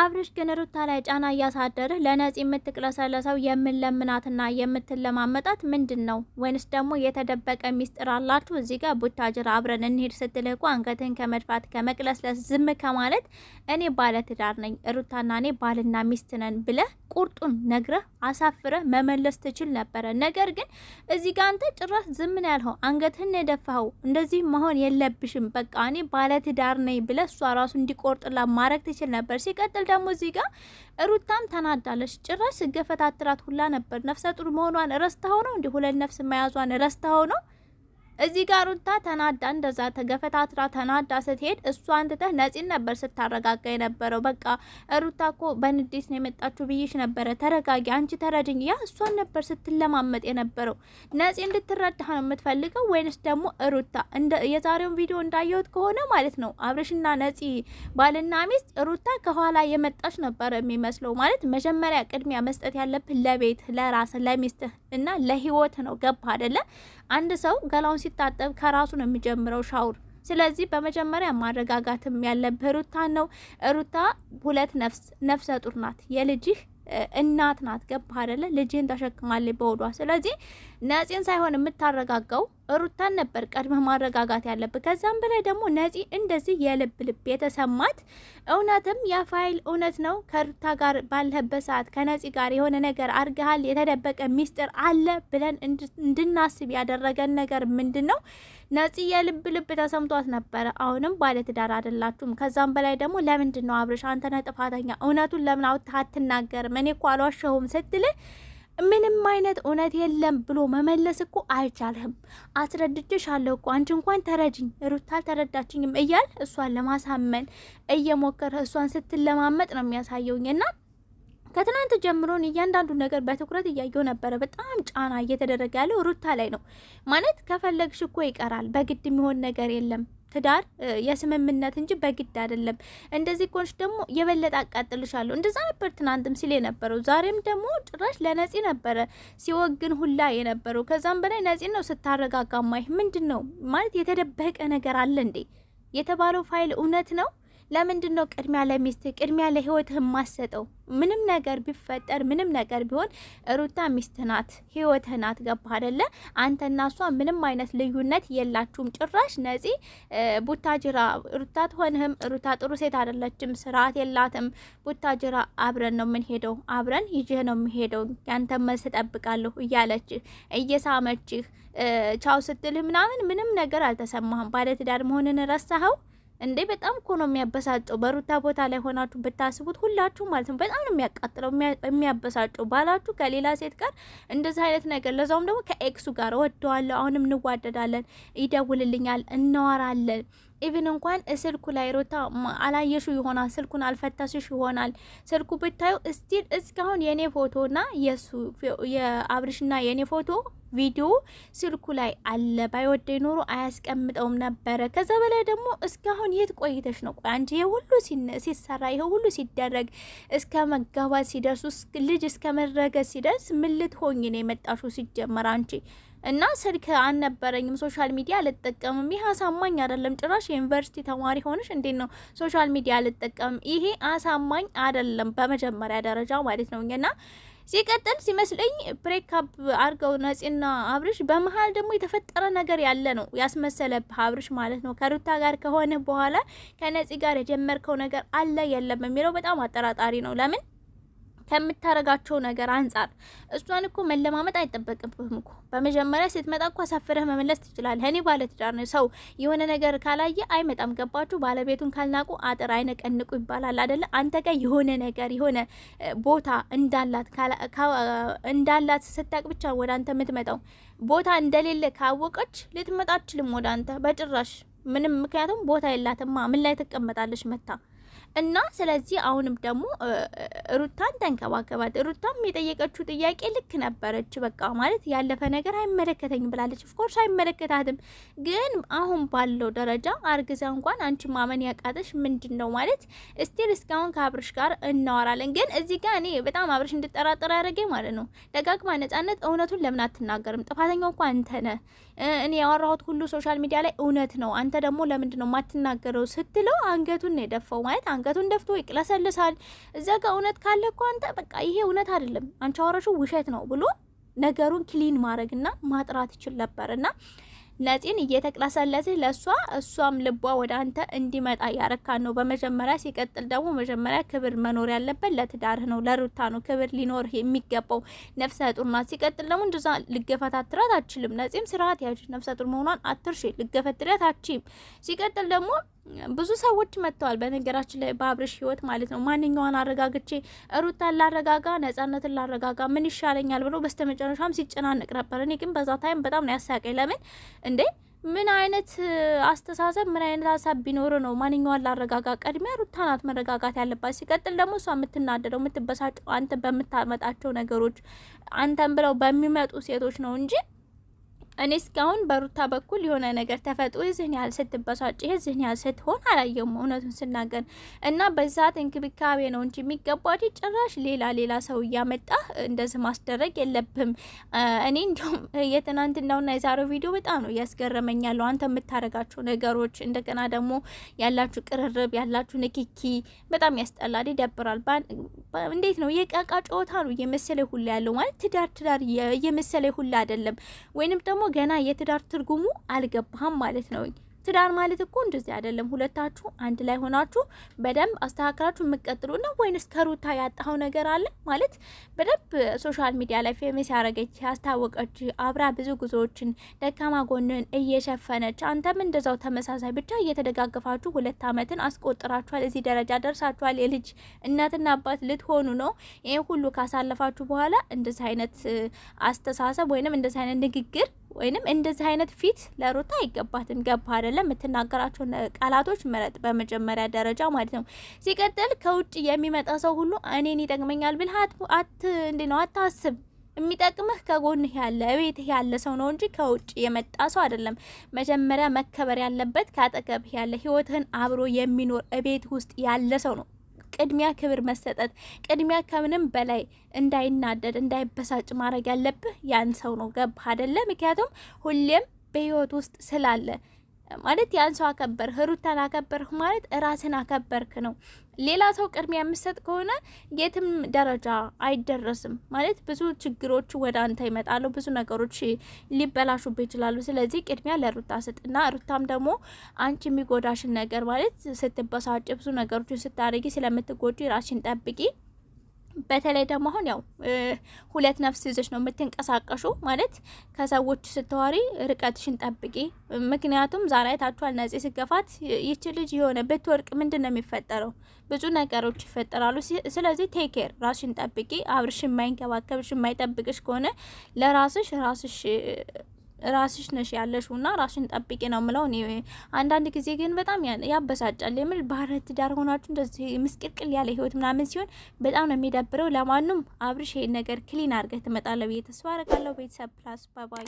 አብርሽ ግን ሩታ ላይ ጫና እያሳደርህ ለነጽ የምትቅለሰለሰው የምንለምናትና የምትለማመጣት ምንድን ነው? ወይንስ ደግሞ የተደበቀ ሚስጥር አላችሁ? እዚህ ጋር ቡታጅር አብረን እንሄድ ስትል እኮ አንገትህን ከመድፋት ከመቅለስለስ ዝም ከማለት እኔ ባለትዳር ነኝ ሩታና እኔ ባልና ሚስት ነን ብለህ ቁርጡን ነግረህ አሳፍረህ መመለስ ትችል ነበረ። ነገር ግን እዚህ ጋር አንተ ጭራሽ ዝም ነው ያልኸው፣ አንገትህን የደፋኸው። እንደዚህ መሆን የለብሽም። በቃ እኔ ባለትዳር ነኝ ብለህ እሷ ራሱ እንዲቆርጥላ ማድረግ ትችል ነበር። ሲቀጥል ሲቀጥል ደግሞ እዚህ ጋር ሩታም ተናዳለች። ጭራሽ ስገፈታትራት ሁላ ነበር። ነፍሰ ጡር መሆኗን ረስታ ሆነው እንዲህ ሁለት ነፍስ መያዟን ረስታ ሆነው እዚህ ጋር ሩታ ተናዳ እንደዛ ተገፈታትራ ተናዳ ስትሄድ እሷ አንትተህ ነፂን ነበር ስታረጋጋ የነበረው። በቃ ሩታ እኮ በንዴት ነው የመጣችሁ ብዬሽ ነበረ፣ ተረጋጊ፣ አንቺ ተረድኝ። ያ እሷን ነበር ስትለማመጥ የነበረው። ነፂ እንድትረዳህ ነው የምትፈልገው ወይንስ ደግሞ ሩታ? የዛሬውን ቪዲዮ እንዳየሁት ከሆነ ማለት ነው አብርሽና ነፂ ባልና ሚስት ሩታ ከኋላ የመጣች ነበር የሚመስለው። ማለት መጀመሪያ ቅድሚያ መስጠት ያለብህ ለቤት ለራስ ለሚስትህ እና ለህይወት ነው። ገባ አደለ? አንድ ሰው ገላውን ሲታጠብ ከራሱ ነው የሚጀምረው ሻውር። ስለዚህ በመጀመሪያ ማረጋጋትም ያለብህ ሩታን ነው። ሩታ ሁለት ነፍስ ነፍሰ ጡር ናት። የልጅህ እናት ናት። ገባ አይደለ? ልጅህን ተሸክማለች በወዷ። ስለዚህ ነፂን ሳይሆን የምታረጋጋው ሩታን ነበር ቀድመህ ማረጋጋት ያለብህ። ከዛም በላይ ደግሞ ነፂ እንደዚህ የልብ ልብ የተሰማት እውነትም የፋይል እውነት ነው። ከሩታ ጋር ባለህበት ሰዓት ከነፂ ጋር የሆነ ነገር አድርገሃል፣ የተደበቀ ሚስጥር አለ ብለን እንድናስብ ያደረገን ነገር ምንድን ነው? ነፂ የልብ ልብ ተሰምቷት ነበረ። አሁንም ባለትዳር አይደላችሁም። ከዛም በላይ ደግሞ ለምንድን ነው አብርሽ አንተነህ ጥፋተኛ፣ እውነቱን ለምን አትናገርም? አይደለም እኔ እኮ አልዋሸሁም ስትል ምንም አይነት እውነት የለም ብሎ መመለስ እኮ አልቻልህም። አለው እኮ አንቺ እንኳን ተረጅኝ ሩታ አልተረዳችኝም እያል እሷን ለማሳመን እየሞከረ እሷን ስትለማመጥ ነው የሚያሳየውኝ እና ከትናንት ጀምሮን እያንዳንዱ ነገር በትኩረት እያየው ነበረ። በጣም ጫና እየተደረገ ያለው ሩታ ላይ ነው ማለት ከፈለግሽ እኮ ይቀራል፣ በግድ የሚሆን ነገር የለም ትዳር የስምምነት እንጂ በግድ አይደለም። እንደዚህ ኮንሽ ደግሞ የበለጠ አቃጥልሻለሁ እንደዛ ነበር ትናንትም ሲል የነበረው። ዛሬም ደግሞ ጭራሽ ለነፂ ነበረ ሲወግን ሁላ የነበረው። ከዛም በላይ ነፂ ነው ስታረጋጋማይ። ምንድን ነው ማለት የተደበቀ ነገር አለ እንዴ? የተባለው ፋይል እውነት ነው ለምንድን ነው ቅድሚያ ለሚስት ቅድሚያ ለህይወትህ የማሰጠው? ምንም ነገር ቢፈጠር ምንም ነገር ቢሆን ሩታ ሚስት ናት፣ ህይወትህ ናት። ገባህ አደለ? አንተና እሷ ምንም አይነት ልዩነት የላችሁም። ጭራሽ ነፂ ቡታጅራ ሩታ ትሆንህም። ሩታ ጥሩ ሴት አደለችም፣ ስርዓት የላትም። ቡታጅራ አብረን ነው የምንሄደው፣ አብረን ይዤህ ነው የምሄደው፣ ያንተ መልስ እጠብቃለሁ እያለች እየሳመችህ ቻው ስትልህ ምናምን ምንም ነገር አልተሰማህም። ባለትዳር መሆንን ረሳኸው። እንዴ በጣም እኮ ነው የሚያበሳጨው። በሩታ ቦታ ላይ ሆናችሁ ብታስቡት ሁላችሁ ማለት ነው። በጣም ነው የሚያቃጥለው፣ የሚያበሳጨው። ባላችሁ ከሌላ ሴት ጋር እንደዚህ አይነት ነገር ለዛውም ደግሞ ከኤክሱ ጋር ወደዋለሁ፣ አሁንም እንዋደዳለን፣ ይደውልልኛል፣ እናወራለን ኢቭን እንኳን ስልኩ ላይ ሩታ አላየሹ ይሆናል፣ ስልኩን አልፈተሽሽ ይሆናል። ስልኩ ብታዩ ስቲል እስካሁን የእኔ ፎቶና የሱ የአብርሽና የእኔ ፎቶ ቪዲዮ ስልኩ ላይ አለ። ባይወደኝ ኖሮ አያስቀምጠውም ነበረ። ከዛ በላይ ደግሞ እስካሁን የት ቆይተሽ ነው? ቆይ አንቺ ይሄ ሁሉ ሲሰራ ይሄ ሁሉ ሲደረግ እስከ መጋባት ሲደርሱ ልጅ እስከ መረገዝ ሲደርስ ምን ልትሆኝ ነው የመጣሹ? ሲጀመር አንቺ እና ስልክ አልነበረኝም፣ ሶሻል ሚዲያ አልጠቀምም። ይህ አሳማኝ አይደለም። ጭራሽ የዩኒቨርሲቲ ተማሪ ሆነሽ እንዴት ነው ሶሻል ሚዲያ አልጠቀምም? ይሄ አሳማኝ አይደለም፣ በመጀመሪያ ደረጃ ማለት ነው እና ሲቀጥል ሲመስለኝ ብሬክአፕ አድርገው ነፂና አብርሽ በመሀል ደግሞ የተፈጠረ ነገር ያለ ነው ያስመሰለብህ አብርሽ ማለት ነው። ከሩታ ጋር ከሆነ በኋላ ከነፂ ጋር የጀመርከው ነገር አለ የለም የሚለው በጣም አጠራጣሪ ነው። ለምን ከምታረጋቸው ነገር አንጻር እሷን እኮ መለማመጥ አይጠበቅብህም እኮ። በመጀመሪያ ስትመጣ እኮ ሰፍረህ መመለስ ትችላለህ። እኔ ባለትዳር ነው ሰው የሆነ ነገር ካላየ አይመጣም። ገባችሁ? ባለቤቱን ካልናቁ አጥር አይነቀንቁ ይባላል አደለ? አንተ ጋር የሆነ ነገር የሆነ ቦታ እንዳላት እንዳላት ስታቅ ብቻ ወደ አንተ የምትመጣው ቦታ እንደሌለ ካወቀች ልትመጣ አትችልም ወደ አንተ በጭራሽ ምንም። ምክንያቱም ቦታ የላትማ ምን ላይ ትቀመጣለች መታ እና ስለዚህ አሁንም ደግሞ ሩታን ተንከባከባት። ሩታም የጠየቀችው ጥያቄ ልክ ነበረች። በቃ ማለት ያለፈ ነገር አይመለከተኝም ብላለች። ኦፍኮርስ አይመለከታትም፣ ግን አሁን ባለው ደረጃ አርግዛ እንኳን አንቺ ማመን ያቃተሽ ምንድን ነው ማለት ስቲል እስካሁን ከአብርሽ ጋር እናወራለን። ግን እዚህ ጋር እኔ በጣም አብርሽ እንድጠራጠር ያደረገ ማለት ነው ደጋግማ ነጻነት እውነቱን ለምን አትናገርም? ጥፋተኛው እኮ አንተ ነህ። እኔ ያወራሁት ሁሉ ሶሻል ሚዲያ ላይ እውነት ነው። አንተ ደግሞ ለምንድን ነው የማትናገረው ስትለው አንገቱን ነው የደፋው ማለት አንገቱን ደፍቶ ይቅለሰልሳል። እዛ ጋር እውነት ካለ እኮ አንተ በቃ ይሄ እውነት አይደለም አንቺ አወራሹ ውሸት ነው ብሎ ነገሩን ክሊን ማድረግና ማጥራት ይችል ነበርና እና ነፂን እየተቅለሰለስህ ለእሷ እሷም ልቧ ወደ አንተ እንዲመጣ ያረካ ነው። በመጀመሪያ ሲቀጥል ደግሞ መጀመሪያ ክብር መኖር ያለበት ለትዳርህ ነው፣ ለሩታ ነው ክብር ሊኖር የሚገባው። ነፍሰ ጡር ናት። ሲቀጥል ደግሞ እንደዛ ልገፈታትራት አችልም። ነፂም ስርዓት ያዥ። ነፍሰ ጡር መሆኗን አትርሺ። ልገፈትረት አችም። ሲቀጥል ደግሞ ብዙ ሰዎች መጥተዋል። በነገራችን ላይ በአብርሽ ህይወት ማለት ነው ማንኛዋን አረጋግቼ እሩታን ላረጋጋ፣ ነጻነትን ላረጋጋ፣ ምን ይሻለኛል ብሎ በስተመጨረሻም ሲጨናነቅ ነበር። እኔ ግን በዛ ታይም በጣም ነው ያሳቀኝ። ለምን እንዴ ምን አይነት አስተሳሰብ ምን አይነት ሀሳብ ቢኖር ነው ማንኛዋን ላረጋጋ? ቀድሚያ ሩታ ናት መረጋጋት ያለባት። ሲቀጥል ደግሞ እሷ የምትናደደው የምትበሳጨው አንተ በምታመጣቸው ነገሮች አንተን ብለው በሚመጡ ሴቶች ነው እንጂ እኔ እስካሁን በሩታ በኩል የሆነ ነገር ተፈጥሮ ይህን ያህል ስትበሳጭ ዝህን ያህል ስትሆን አላየውም፣ እውነቱን ስናገር እና በዛት እንክብካቤ ነው እንጂ የሚገባው ጭራሽ ሌላ ሌላ ሰው እያመጣ እንደዚህ ማስደረግ የለብም። እኔ እንዲሁም የትናንትናውና የዛሬው ቪዲዮ በጣም ነው እያስገረመኝ ያለው አንተ የምታደርጋቸው ነገሮች፣ እንደገና ደግሞ ያላችሁ ቅርርብ፣ ያላችሁ ንክኪ በጣም ያስጠላል፣ ይደብራል። እንዴት ነው የቃቃ ጨዋታ ነው እየመሰለ ሁላ ያለው ማለት ትዳር ትዳር እየመሰለ ሁላ አይደለም ወይንም ደግሞ ደግሞ ገና የትዳር ትርጉሙ አልገባህም ማለት ነው። ትዳር ማለት እኮ እንደዚህ አይደለም። ሁለታችሁ አንድ ላይ ሆናችሁ በደንብ አስተካክላችሁ የምትቀጥሉ ነው ወይንስ ከሩታ ያጣኸው ነገር አለ? ማለት በደንብ ሶሻል ሚዲያ ላይ ፌመስ ያደረገች ያስታወቀች፣ አብራ ብዙ ጉዞዎችን ደካማ ጎንን እየሸፈነች አንተም እንደዛው ተመሳሳይ ብቻ እየተደጋገፋችሁ ሁለት አመትን አስቆጥራችኋል። እዚህ ደረጃ ደርሳችኋል። የልጅ እናትና አባት ልትሆኑ ነው። ይህ ሁሉ ካሳለፋችሁ በኋላ እንደዚህ አይነት አስተሳሰብ ወይንም እንደዚህ አይነት ንግግር ወይንም እንደዚህ አይነት ፊት ለሩታ አይገባትም። ገባ አይደለም? የምትናገራቸው ቃላቶች ምረጥ፣ በመጀመሪያ ደረጃ ማለት ነው። ሲቀጥል ከውጭ የሚመጣ ሰው ሁሉ እኔን ይጠቅመኛል ብለህ አት እንዲ ነው አታስብ። የሚጠቅምህ ከጎንህ ያለ ቤትህ ያለ ሰው ነው እንጂ ከውጭ የመጣ ሰው አይደለም። መጀመሪያ መከበር ያለበት ከአጠገብህ ያለ ህይወትህን አብሮ የሚኖር ቤት ውስጥ ያለ ሰው ነው። ቅድሚያ ክብር መሰጠት፣ ቅድሚያ ከምንም በላይ እንዳይናደድ እንዳይበሳጭ ማድረግ ያለብህ ያን ሰው ነው። ገባህ አይደለ? ምክንያቱም ሁሌም በህይወት ውስጥ ስላለ ማለት ያን ሰው አከበርህ፣ ሩታን አከበርህ ማለት ራስን አከበርክ ነው። ሌላ ሰው ቅድሚያ የምሰጥ ከሆነ የትም ደረጃ አይደረስም። ማለት ብዙ ችግሮች ወደ አንተ ይመጣሉ፣ ብዙ ነገሮች ሊበላሹብ ይችላሉ። ስለዚህ ቅድሚያ ለሩታ ስጥ እና ሩታም ደግሞ አንቺ የሚጎዳሽን ነገር ማለት ስትበሳጭ፣ ብዙ ነገሮችን ስታደርጊ ስለምትጎጂ ራስሽን ጠብቂ። በተለይ ደግሞ አሁን ያው ሁለት ነፍስ ይዘሽ ነው የምትንቀሳቀሹ ማለት ከሰዎች ስትዋሪ ርቀትሽን ጠብቂ። ምክንያቱም ዛሬ አይታችኋል፣ ነፂ ስገፋት ይች ልጅ የሆነ ብትወርቅ ምንድን ነው የሚፈጠረው? ብዙ ነገሮች ይፈጠራሉ። ስለዚህ ቴኬር ራስሽን ጠብቂ። አብርሽ የማይንከባከብሽ የማይጠብቅሽ ከሆነ ለራስሽ ራስሽ ራስሽ ነሽ ያለሽው ና ራስሽን ጠብቂ ነው ምለው። አንዳንድ ጊዜ ግን በጣም ያበሳጫል። የምል ባህረ ዳር ሆናችሁ እንደዚህ ምስቅልቅል ያለ ህይወት ምናምን ሲሆን በጣም ነው የሚደብረው። ለማንም አብርሽ ይሄን ነገር ክሊን አድርገህ ትመጣለህ ብዬ ተስፋ አደርጋለሁ። ቤተሰብ ፕላስ ባባይ